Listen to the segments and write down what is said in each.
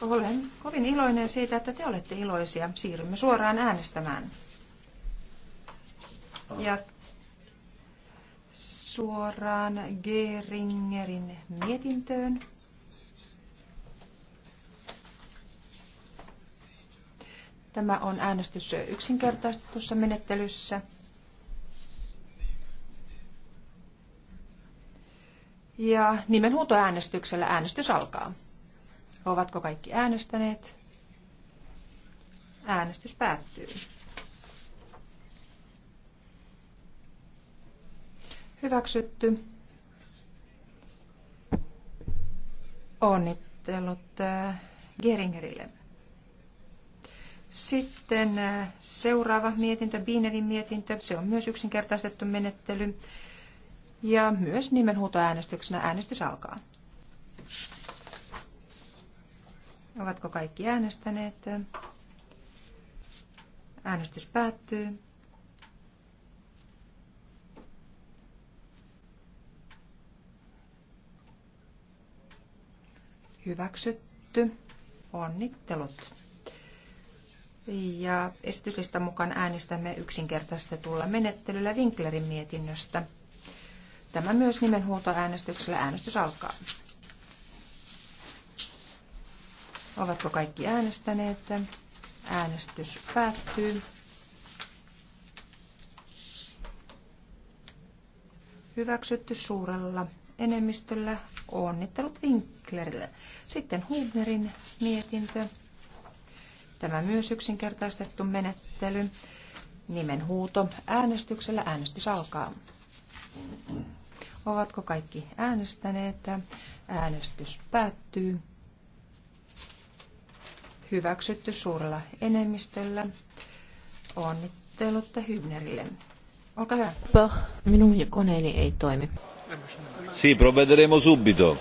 Olen kovin iloinen siitä, että te olette iloisia. Siirrymme suoraan äänestämään. Ja suoraan Geringerin mietintöön. Tämä on äänestys yksinkertaistetussa menettelyssä. Ja nimenhuutoäänestyksellä äänestys alkaa. Ovatko kaikki äänestäneet? Äänestys päättyy. Hyväksytty. Onnittelut äh, Geringerille. Sitten äh, seuraava mietintö, Biinevin mietintö. Se on myös yksinkertaistettu menettely. Ja myös nimenhuutoäänestyksenä äänestys alkaa. Ovatko kaikki äänestäneet? Äänestys päättyy. Hyväksytty. Onnittelut. Ja esityslistan mukaan äänestämme yksinkertaistetulla menettelyllä Winklerin mietinnöstä. Tämä myös nimenhuutoäänestyksellä äänestys alkaa. Ovatko kaikki äänestäneet? Äänestys päättyy. Hyväksytty suurella enemmistöllä. Onnittelut Winklerille. Sitten Hubnerin mietintö. Tämä myös yksinkertaistettu menettely. Nimen huuto. Äänestyksellä äänestys alkaa. Ovatko kaikki äänestäneet? Äänestys päättyy hyväksytty suurella enemmistöllä. Onnittelut Hybnerille. Olkaa hyvä. Minun koneeni ei toimi. Si, provvederemo subito.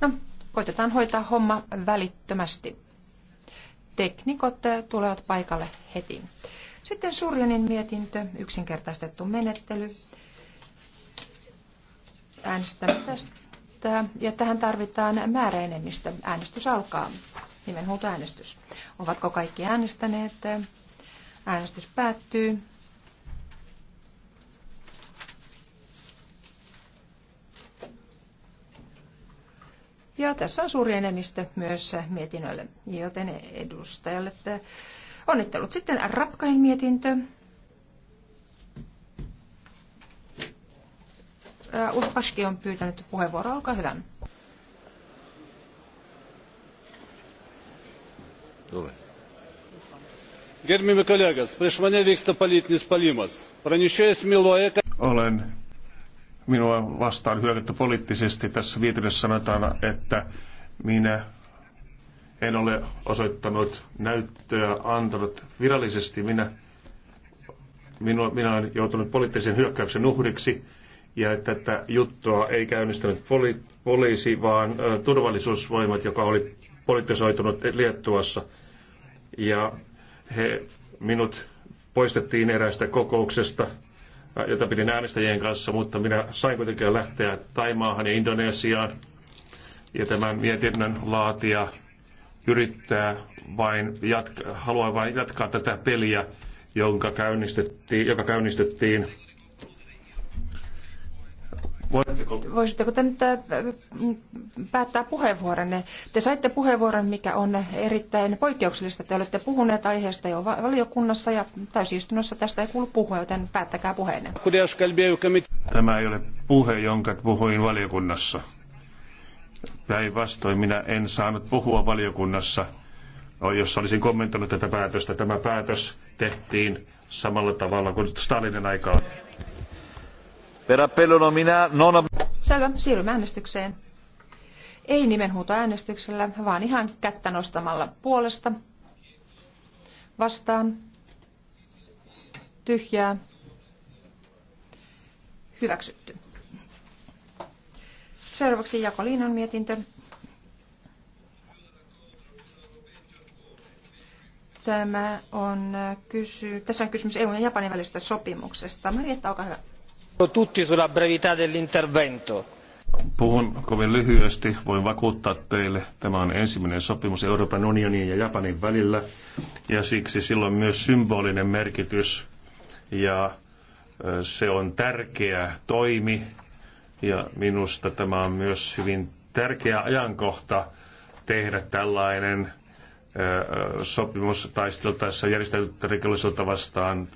No, koitetaan hoitaa homma välittömästi. Teknikot tulevat paikalle heti. Sitten Surjanin mietintö, yksinkertaistettu menettely. Äänestämme tästä äänestää ja tähän tarvitaan määräenemmistö. Äänestys alkaa. äänestys. Ovatko kaikki äänestäneet? Äänestys päättyy. Ja tässä on suuri enemmistö myös mietinnölle, joten edustajalle onnittelut. Sitten Rapkain mietintö. Äh, Uspaski on pyytänyt puheenvuoroa. Olkaa hyvä. Gerbiami kolegas, prieš mane vyksta politinis palimas. Pranešėjas miluoja, kad... Olen minua vastaan hyökätty poliittisesti. Tässä viitinössä sanotaan, että minä en ole osoittanut näyttöä, antanut virallisesti. Minä, minua, minä olen joutunut poliittisen hyökkäyksen uhriksi ja tätä juttua ei käynnistänyt poli- poliisi, vaan ö, turvallisuusvoimat, joka oli politisoitunut Liettuassa. Ja he, minut poistettiin eräästä kokouksesta, jota pidin äänestäjien kanssa, mutta minä sain kuitenkin lähteä Taimaahan ja Indonesiaan. Ja tämän mietinnön laatia yrittää vain jatka, haluaa vain jatkaa tätä peliä, jonka käynnistettiin, joka käynnistettiin Voisitteko, Voisitteko te nyt äh, päättää puheenvuoronne? Te saitte puheenvuoron, mikä on erittäin poikkeuksellista. Te olette puhuneet aiheesta jo valiokunnassa ja täysistunnossa tästä ei kuulu puhua, joten päättäkää puheenne. Tämä ei ole puhe, jonka puhuin valiokunnassa. Päinvastoin minä en saanut puhua valiokunnassa, jos olisin kommentoinut tätä päätöstä. Tämä päätös tehtiin samalla tavalla kuin Stalinin aikaan. Per appello nomina, non... Selvä, siirrymme äänestykseen. Ei nimenhuutoäänestyksellä, vaan ihan kättä nostamalla puolesta. Vastaan. Tyhjää. Hyväksytty. Seuraavaksi Jakoliinon mietintö. Tämä on äh, kysy... Tässä on kysymys EUn ja Japanin välisestä sopimuksesta. Marietta, olkaa hyvä. Puhun kovin lyhyesti. Voin vakuuttaa teille, tämä on ensimmäinen sopimus Euroopan unionin ja Japanin välillä, ja siksi sillä on myös symbolinen merkitys, ja se on tärkeä toimi, ja minusta tämä on myös hyvin tärkeä ajankohta tehdä tällainen sopimus taisteltaessa järjestäytynyttä rikollisuutta vastaan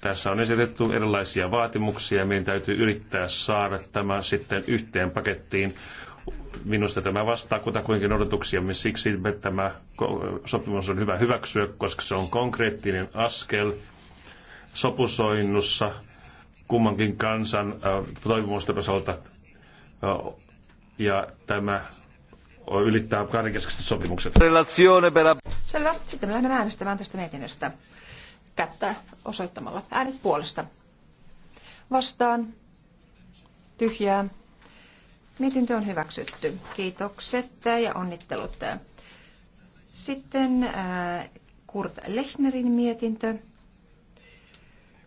tässä on esitetty erilaisia vaatimuksia. Meidän täytyy yrittää saada tämä sitten yhteen pakettiin. Minusta tämä vastaa kutakuinkin odotuksia, siksi että tämä sopimus on hyvä hyväksyä, koska se on konkreettinen askel sopusoinnussa kummankin kansan toivomusten osalta. Ja tämä ylittää kahdenkeskiset sopimukset. Selvä. Sitten me lähdemme äänestämään tästä mietinnöstä kättä osoittamalla. Äänet puolesta. Vastaan. Tyhjää. Mietintö on hyväksytty. Kiitokset ja onnittelut. Sitten äh, Kurt Lechnerin mietintö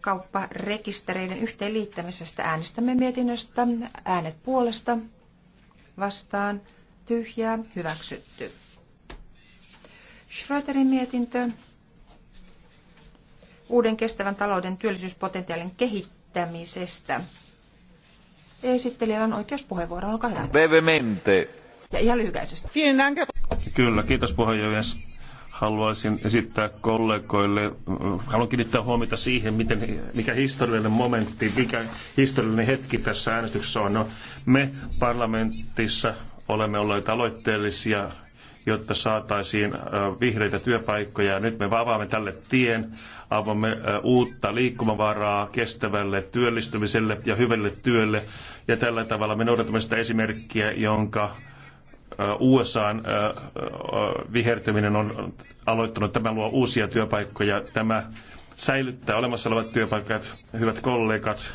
kaupparekistereiden yhteenliittämisestä äänestämme mietinnöstä. Äänet puolesta, vastaan, tyhjää, hyväksytty. Schröterin mietintö uuden kestävän talouden työllisyyspotentiaalin kehittämisestä. Esittelijällä on oikeus puheenvuoroon, olkaa hyvä. Brevemente. Ja ihan lyhykäisesti. Kyllä, kiitos puheenjohtaja haluaisin esittää kollegoille, haluan kiinnittää huomiota siihen, miten, mikä historiallinen momentti, mikä historiallinen hetki tässä äänestyksessä on. No, me parlamentissa olemme olleet aloitteellisia jotta saataisiin vihreitä työpaikkoja. Nyt me avaamme tälle tien, avaamme uutta liikkumavaraa kestävälle työllistymiselle ja hyvälle työlle. Ja tällä tavalla me noudatamme sitä esimerkkiä, jonka USA vihertyminen on aloittanut. Tämä luo uusia työpaikkoja. Tämä säilyttää olemassa olevat työpaikat, hyvät kollegat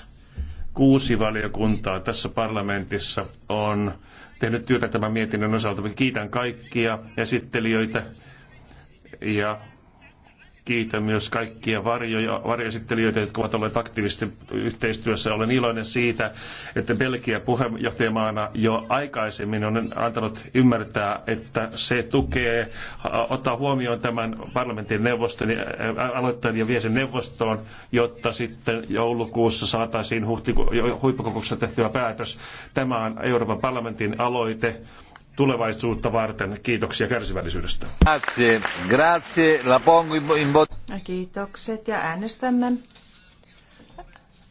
kuusi valiokuntaa tässä parlamentissa on tehnyt työtä tämän mietinnön osalta. Kiitän kaikkia esittelijöitä ja Kiitän myös kaikkia varjoja, varjoesittelijöitä, jotka ovat olleet aktiivisesti yhteistyössä. Olen iloinen siitä, että Belgia puheenjohtajamaana jo aikaisemmin on antanut ymmärtää, että se tukee, ottaa huomioon tämän parlamentin neuvoston, äh, aloittajan ja vie sen neuvostoon, jotta sitten joulukuussa saataisiin huippukokouksessa tehtyä päätös. Tämä on Euroopan parlamentin aloite tulevaisuutta varten. Kiitoksia kärsivällisyydestä. Grazie. Grazie. La pongo in Kiitokset ja äänestämme.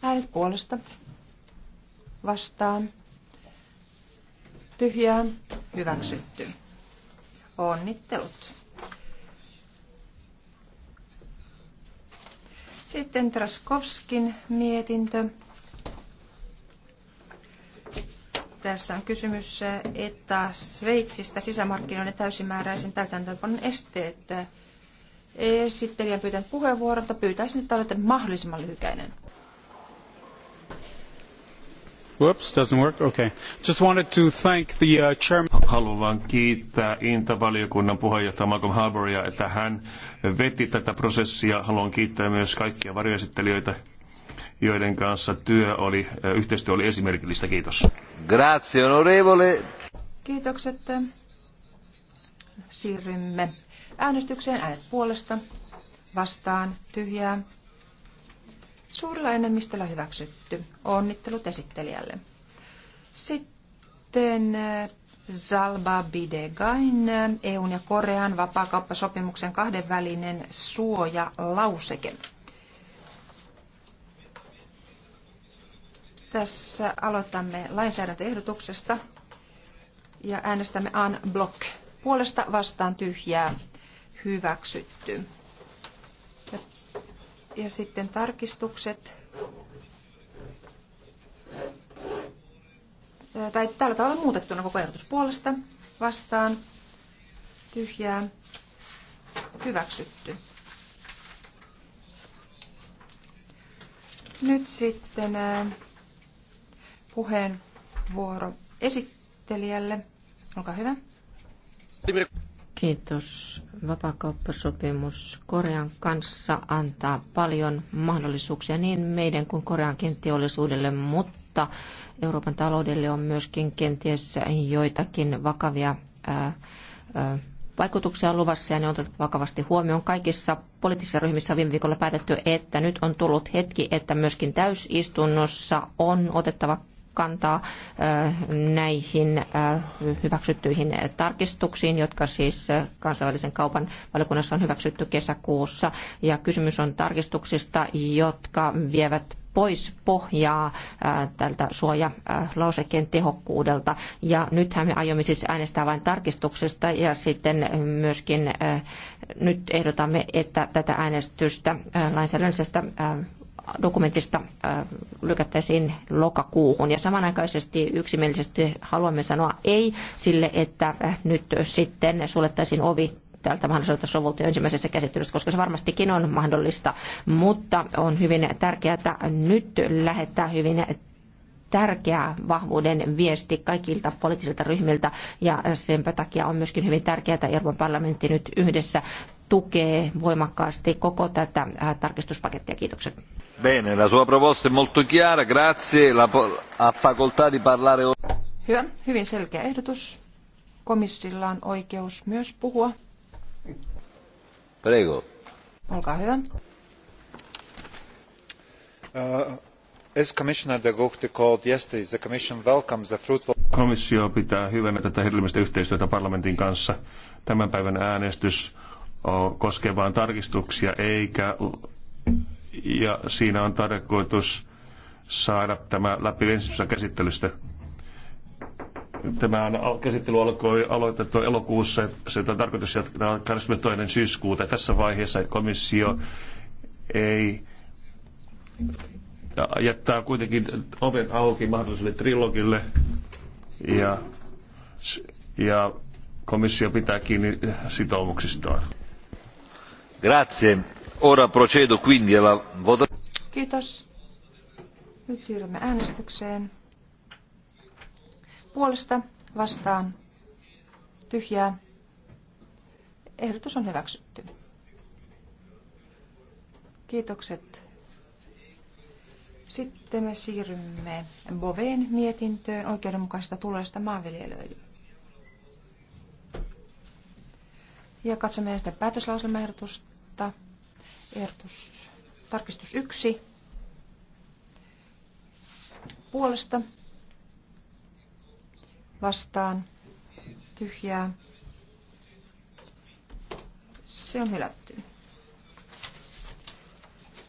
Äänet puolesta. Vastaan. Tyhjään. Hyväksytty. Onnittelut. Sitten Traskovskin mietintö. Tässä on kysymys että Sveitsistä sisämarkkinoiden täysimääräisen täytäntöönpanon esteet. Esittelijän pyytän puheenvuorolta. Pyytäisin, että olette mahdollisimman lyhykäinen. Whoops, doesn't work. Okay. Just wanted to thank the uh, chairman. Haluan vain kiittää Inta-valiokunnan puheenjohtaja Malcolm Harbouria, että hän veti tätä prosessia. Haluan kiittää myös kaikkia varjoesittelijöitä joiden kanssa työ oli, yhteistyö oli esimerkillistä. Kiitos. Grazie, onorevole. Kiitokset. Siirrymme äänestykseen. Äänet puolesta, vastaan, tyhjää. Suurella enemmistöllä hyväksytty. Onnittelut esittelijälle. Sitten Zalba Bidegain, EUn ja Korean vapaakauppasopimuksen kahdenvälinen suojalauseke. Tässä aloitamme lainsäädäntöehdotuksesta ja äänestämme an block. Puolesta vastaan tyhjää hyväksytty. Ja, ja sitten tarkistukset. Tai tällä tavalla muutettuna koko ehdotus puolesta vastaan tyhjää hyväksytty. Nyt sitten puheenvuoro esittelijälle. Olkaa hyvä. Kiitos. Vapakauppasopimus Korean kanssa antaa paljon mahdollisuuksia niin meidän kuin Koreankin teollisuudelle, mutta Euroopan taloudelle on myöskin kenties joitakin vakavia ää, ää, vaikutuksia luvassa ja ne on otettu vakavasti huomioon. Kaikissa poliittisissa ryhmissä on viime viikolla päätetty, että nyt on tullut hetki, että myöskin täysistunnossa on otettava kantaa näihin hyväksyttyihin tarkistuksiin, jotka siis kansainvälisen kaupan valiokunnassa on hyväksytty kesäkuussa. Ja kysymys on tarkistuksista, jotka vievät pois pohjaa tältä suojalausekkeen tehokkuudelta. Ja nythän me aiomme siis äänestää vain tarkistuksesta ja sitten myöskin nyt ehdotamme, että tätä äänestystä lainsäädännöllisestä dokumentista lykättäisiin lokakuuhun. Ja samanaikaisesti yksimielisesti haluamme sanoa ei sille, että nyt sitten suljettaisiin ovi tältä mahdolliselta sovulta ensimmäisessä käsittelyssä, koska se varmastikin on mahdollista. Mutta on hyvin tärkeää nyt lähettää hyvin tärkeä vahvuuden viesti kaikilta poliittisilta ryhmiltä ja sen takia on myöskin hyvin tärkeää, että Euroopan parlamentti nyt yhdessä tukee voimakkaasti koko tätä äh, tarkistuspakettia. Kiitokset. Bene, la sua proposta è molto chiara, grazie. La ha facoltà di parlare. Hyvä, hyvin selkeä ehdotus. Komissilla on oikeus myös puhua. Prego. Olkaa hyvä. Uh, as Commissioner de Gucht called yesterday, the Commission welcomes the fruitful... Komissio pitää hyvänä tätä hedelmällistä yhteistyötä parlamentin kanssa. Tämän päivän äänestys koskevaan tarkistuksia, eikä, ja siinä on tarkoitus saada tämä läpi ensimmäisestä käsittelystä. Tämä on, käsittely alkoi aloitettu elokuussa, se on tarkoitus jatkaa 22. syyskuuta. Tässä vaiheessa komissio ei jättää kuitenkin oven auki mahdolliselle trilogille ja, ja komissio pitää kiinni sitoumuksistaan. Kiitos. Nyt siirrymme äänestykseen. Puolesta vastaan tyhjää. Ehdotus on hyväksytty. Kiitokset. Sitten me siirrymme Boveen mietintöön oikeudenmukaisesta tulosta maanviljelijöille. Ja katsomme ensin päätöslauselmaehdotusta kautta. Ehdotus, tarkistus yksi puolesta vastaan tyhjää. Se on hylätty.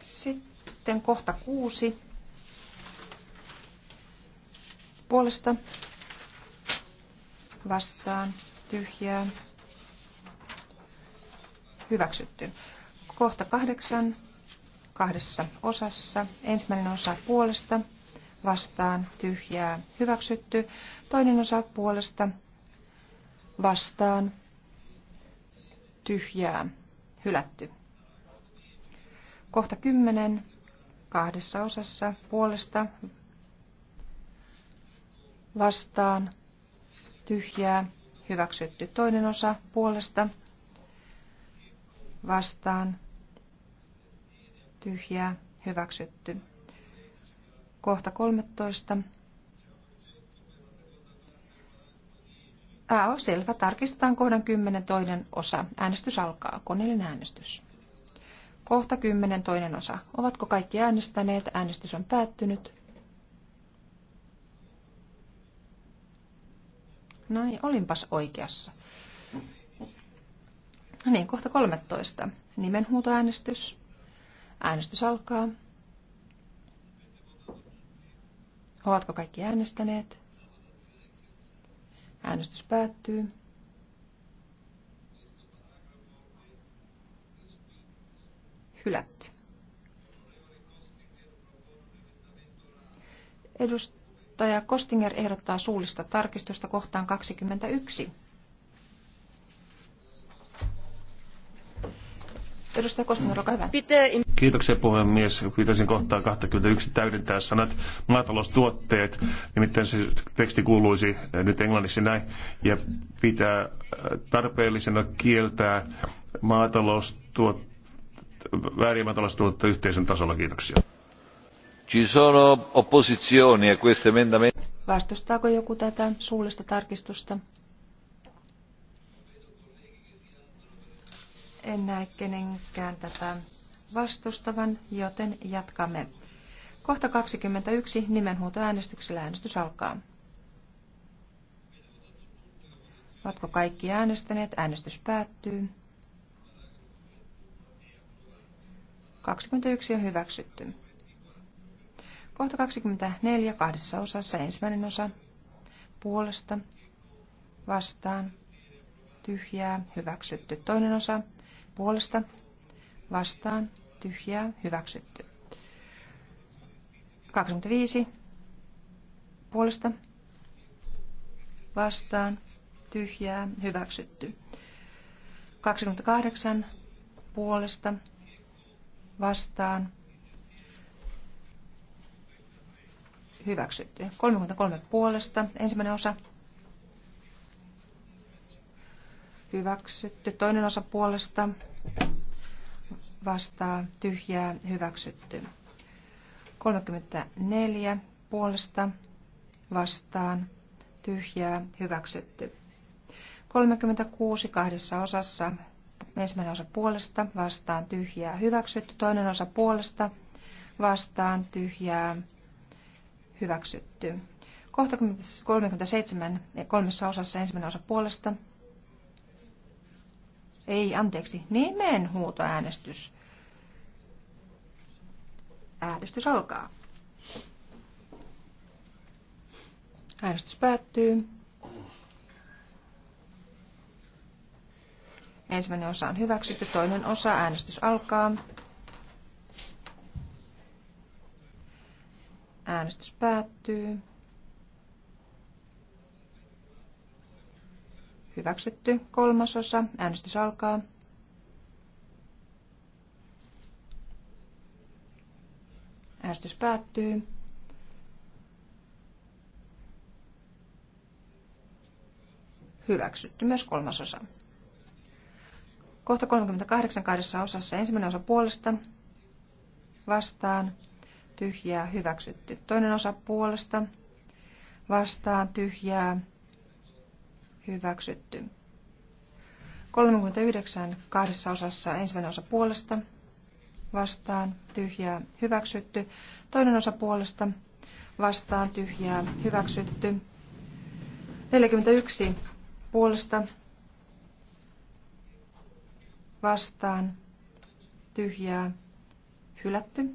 Sitten kohta kuusi puolesta vastaan tyhjää hyväksytty. Kohta kahdeksan kahdessa osassa. Ensimmäinen osa puolesta vastaan tyhjää hyväksytty. Toinen osa puolesta vastaan tyhjää hylätty. Kohta kymmenen kahdessa osassa puolesta vastaan tyhjää hyväksytty. Toinen osa puolesta vastaan, tyhjää, hyväksytty. Kohta 13. Ää selvä. Tarkistetaan kohdan 10 toinen osa. Äänestys alkaa. Koneellinen äänestys. Kohta 10 toinen osa. Ovatko kaikki äänestäneet? Äänestys on päättynyt. Näin, olinpas oikeassa. No niin, kohta 13. Nimenhuutoäänestys. Äänestys alkaa. Ovatko kaikki äänestäneet? Äänestys päättyy. Hylätty. Edustaja Kostinger ehdottaa suullista tarkistusta kohtaan 21. Edustaja Koskinen, olkaa hyvä. Kiitoksia puhemies. Pyytäisin kohtaa 21 täydentää sanat maataloustuotteet. Nimittäin se teksti kuuluisi eh, nyt englanniksi näin. Ja pitää eh, tarpeellisena kieltää maataloustuot, maataloustuotteet yhteisön tasolla. Kiitoksia. Ci sono opposizioni a questo emendamento? Vastustaako joku tätä suullista tarkistusta? En näe kenenkään tätä vastustavan, joten jatkamme. Kohta 21 nimenhuutoäänestyksellä äänestys alkaa. Ovatko kaikki äänestäneet? Äänestys päättyy. 21 on hyväksytty. Kohta 24 kahdessa osassa ensimmäinen osa puolesta vastaan tyhjää hyväksytty toinen osa puolesta vastaan tyhjää hyväksytty. 25 puolesta vastaan tyhjää hyväksytty. 28 puolesta vastaan hyväksytty. 33 puolesta ensimmäinen osa hyväksytty. Toinen osa puolesta vastaa tyhjää hyväksytty. 34 puolesta vastaan tyhjää hyväksytty. 36 kahdessa osassa ensimmäinen osa puolesta vastaan tyhjää hyväksytty. Toinen osa puolesta vastaan tyhjää hyväksytty. Kohta 37 kolmessa osassa ensimmäinen osa puolesta ei, anteeksi, nimenhuutoäänestys. Äänestys alkaa. Äänestys päättyy. Ensimmäinen osa on hyväksytty, toinen osa äänestys alkaa. Äänestys päättyy. Hyväksytty. Kolmasosa. Äänestys alkaa. Äänestys päättyy. Hyväksytty myös kolmasosa. Kohta 38 kahdessa osassa. Ensimmäinen osa puolesta. Vastaan. Tyhjää. Hyväksytty. Toinen osa puolesta. Vastaan. Tyhjää hyväksytty. 39 kahdessa osassa ensimmäinen osa puolesta vastaan tyhjää hyväksytty. Toinen osa puolesta vastaan tyhjää hyväksytty. 41 puolesta vastaan tyhjää hylätty.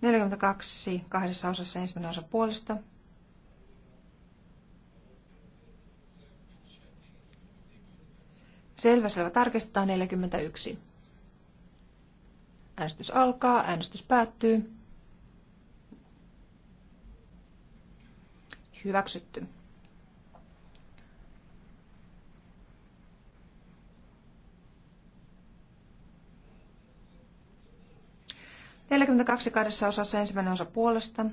42 kahdessa osassa ensimmäinen osa puolesta Selvä, selvä. Tarkistetaan 41. Äänestys alkaa, äänestys päättyy. Hyväksytty. Neljäkymmentäkaksi kahdessa osassa ensimmäinen osa puolesta.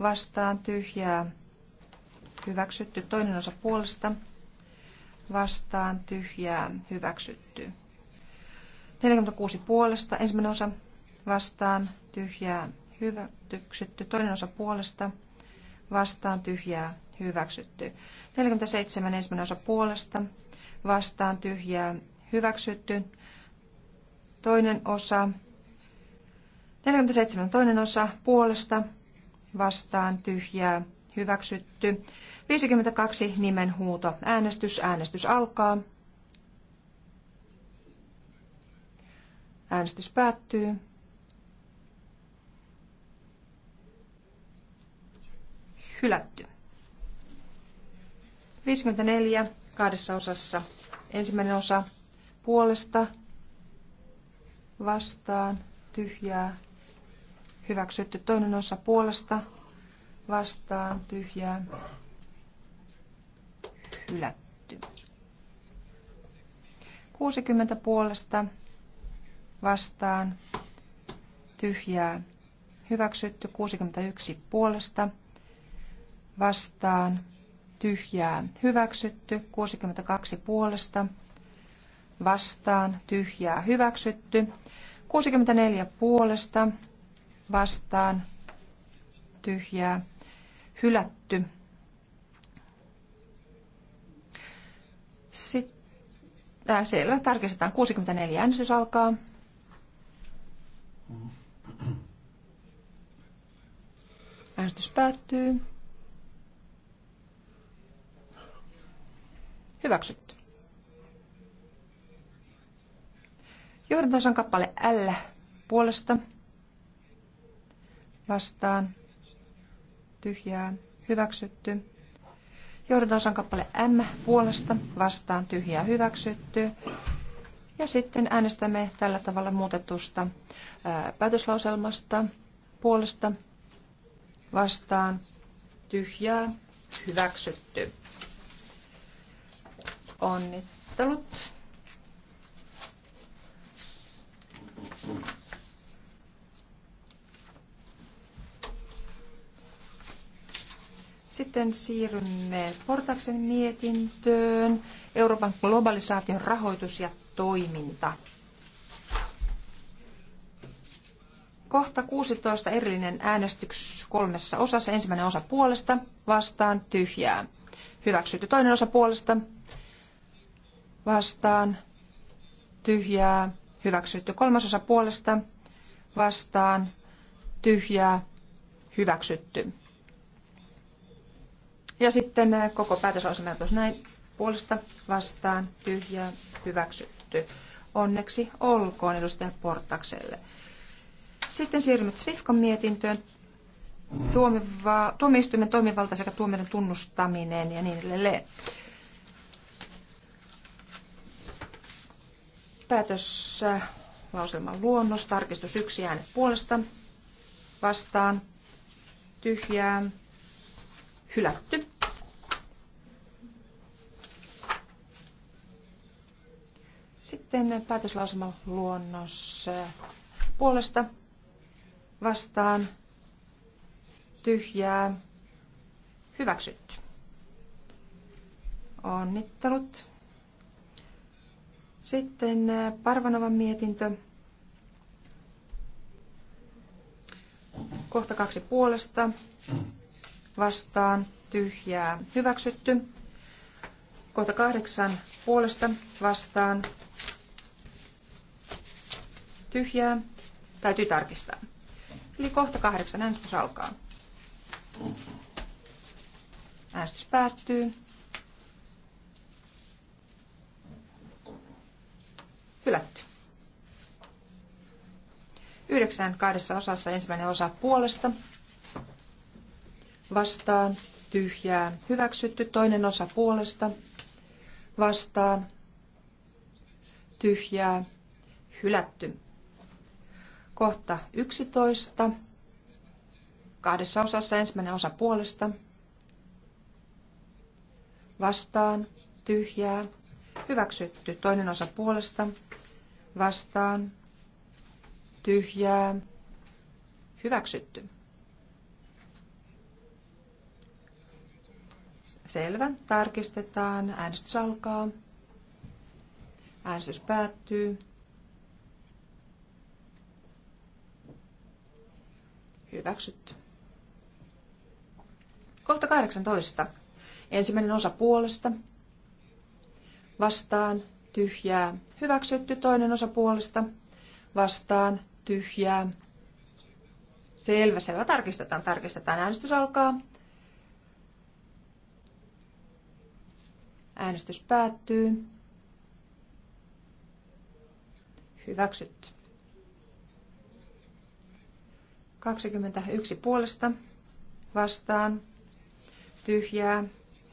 Vastaan tyhjää. Hyväksytty toinen osa puolesta vastaan tyhjää hyväksytty. 46 puolesta ensimmäinen osa vastaan tyhjää hyväksytty. Toinen osa puolesta vastaan tyhjää hyväksytty. 47 ensimmäinen osa puolesta vastaan tyhjää hyväksytty. Toinen osa 47 toinen osa puolesta vastaan tyhjää Hyväksytty. 52 nimen huuto. Äänestys. Äänestys alkaa. Äänestys päättyy. Hylätty. 54 kahdessa osassa. Ensimmäinen osa puolesta, vastaan, tyhjää, hyväksytty. Toinen osa puolesta, vastaan tyhjää hylätty. 60 puolesta vastaan tyhjää hyväksytty. 61 puolesta vastaan tyhjää hyväksytty. 62 puolesta vastaan tyhjää hyväksytty. 64 puolesta vastaan tyhjää hylätty. Sitten, äh, selvä, tarkistetaan. 64 äänestys alkaa. Äänestys päättyy. Hyväksytty. Johdantosan kappale L puolesta vastaan tyhjää, hyväksytty. Johdantosan kappale M puolesta, vastaan, tyhjää, hyväksytty. Ja sitten äänestämme tällä tavalla muutetusta päätöslauselmasta puolesta, vastaan, tyhjää, hyväksytty. Onnittelut. Thank you. Sitten siirrymme Portaksen mietintöön. Euroopan globalisaation rahoitus ja toiminta. Kohta 16 erillinen äänestys kolmessa osassa. Ensimmäinen osa puolesta, vastaan, tyhjää. Hyväksytty toinen osa puolesta, vastaan, tyhjää. Hyväksytty kolmas osa puolesta, vastaan, tyhjää. Hyväksytty. Ja sitten äh, koko päätöslausumatus näin puolesta vastaan tyhjä hyväksytty. Onneksi olkoon edustaja Portakselle. Sitten siirrymme Swifkon mietintöön. Tuomiva, tuomioistuimen toimivalta sekä tuomioiden tunnustaminen ja niin edelleen. Päätös lauselman luonnos, tarkistus yksi äänet puolesta, vastaan, tyhjää, hylätty. Sitten luonnos äh, puolesta vastaan tyhjää hyväksytty. Onnittelut. Sitten äh, Parvanovan mietintö. Kohta kaksi puolesta vastaan tyhjää hyväksytty. Kohta kahdeksan puolesta vastaan tyhjää. Täytyy tarkistaa. Eli kohta kahdeksan äänestys alkaa. Äänestys päättyy. Hylätty. Yhdeksän kahdessa osassa ensimmäinen osa puolesta vastaan, tyhjää, hyväksytty. Toinen osa puolesta, vastaan, tyhjää, hylätty. Kohta 11. Kahdessa osassa ensimmäinen osa puolesta, vastaan, tyhjää, hyväksytty. Toinen osa puolesta, vastaan, tyhjää, hyväksytty. Selvä. Tarkistetaan. Äänestys alkaa. Äänestys päättyy. Hyväksytty. Kohta 18. Ensimmäinen osa puolesta. Vastaan. Tyhjää. Hyväksytty. Toinen osa puolesta. Vastaan. Tyhjää. Selvä, selvä. Tarkistetaan, tarkistetaan. Äänestys alkaa. Äänestys päättyy. Hyväksytty. 21 puolesta vastaan. Tyhjää.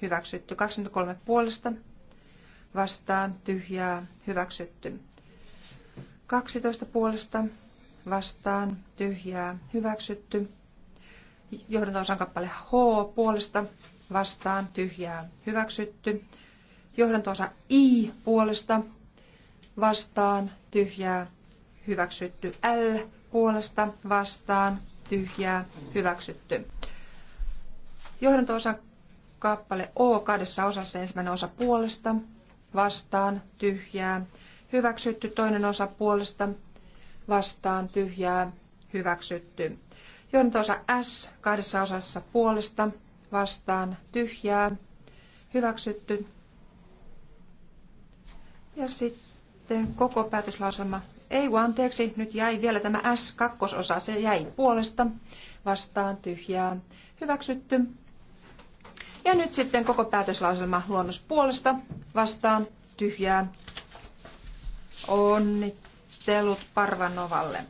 Hyväksytty. 23 puolesta vastaan. Tyhjää. Hyväksytty. 12 puolesta vastaan. Tyhjää. Hyväksytty. Johdanto-osan kappale H puolesta vastaan. Tyhjää. Hyväksytty. Johdantoosa I puolesta vastaan tyhjää hyväksytty. L puolesta vastaan tyhjää hyväksytty. Johdantoosa kappale O kahdessa osassa ensimmäinen osa puolesta vastaan tyhjää hyväksytty. Toinen osa puolesta vastaan tyhjää hyväksytty. Johdantoosa S kahdessa osassa puolesta vastaan tyhjää hyväksytty ja sitten koko päätöslauselma. Ei kun anteeksi, nyt jäi vielä tämä S2-osa. Se jäi puolesta vastaan tyhjää hyväksytty. Ja nyt sitten koko päätöslauselma luonnos puolesta vastaan tyhjää. Onnittelut Parvanovalle.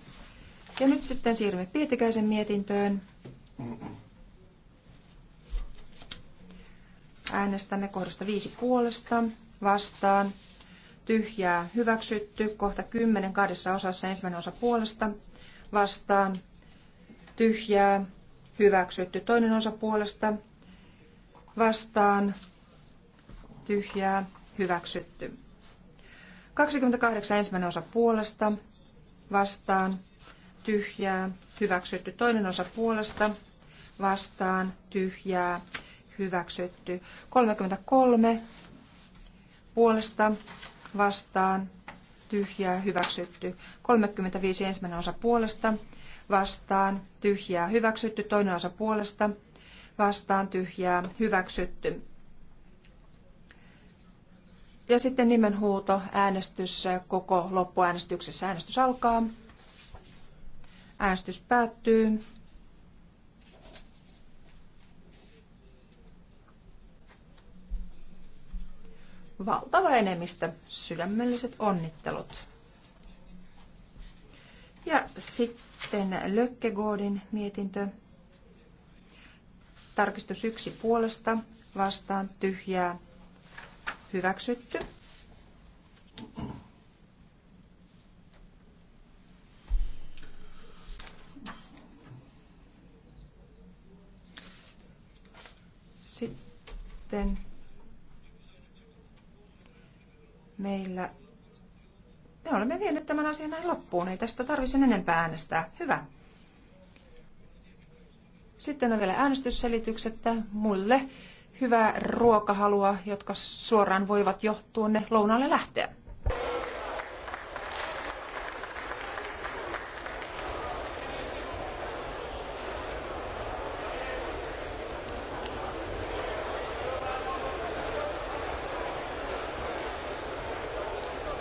Ja nyt sitten siirrymme Pietikäisen mietintöön. Äänestämme kohdasta viisi puolesta vastaan tyhjää hyväksytty. Kohta 10 kahdessa osassa ensimmäinen osa puolesta vastaan tyhjää hyväksytty. Toinen osa puolesta vastaan tyhjää hyväksytty. 28 ensimmäinen osa puolesta vastaan tyhjää hyväksytty. Toinen osa puolesta vastaan tyhjää hyväksytty. 33 puolesta vastaan, tyhjää, hyväksytty. 35 ensimmäinen osa puolesta, vastaan, tyhjää, hyväksytty. Toinen osa puolesta, vastaan, tyhjää, hyväksytty. Ja sitten nimenhuuto, äänestys koko loppuäänestyksessä. Äänestys alkaa. Äänestys päättyy. valtava enemmistö. Sydämelliset onnittelut. Ja sitten Lökkegoodin mietintö. Tarkistus yksi puolesta vastaan tyhjää hyväksytty. loppuun. Ei tästä tarvitse enempää äänestää. Hyvä. Sitten on vielä äänestysselitykset muille hyvää ruokahalua, jotka suoraan voivat jo tuonne lounaalle lähteä.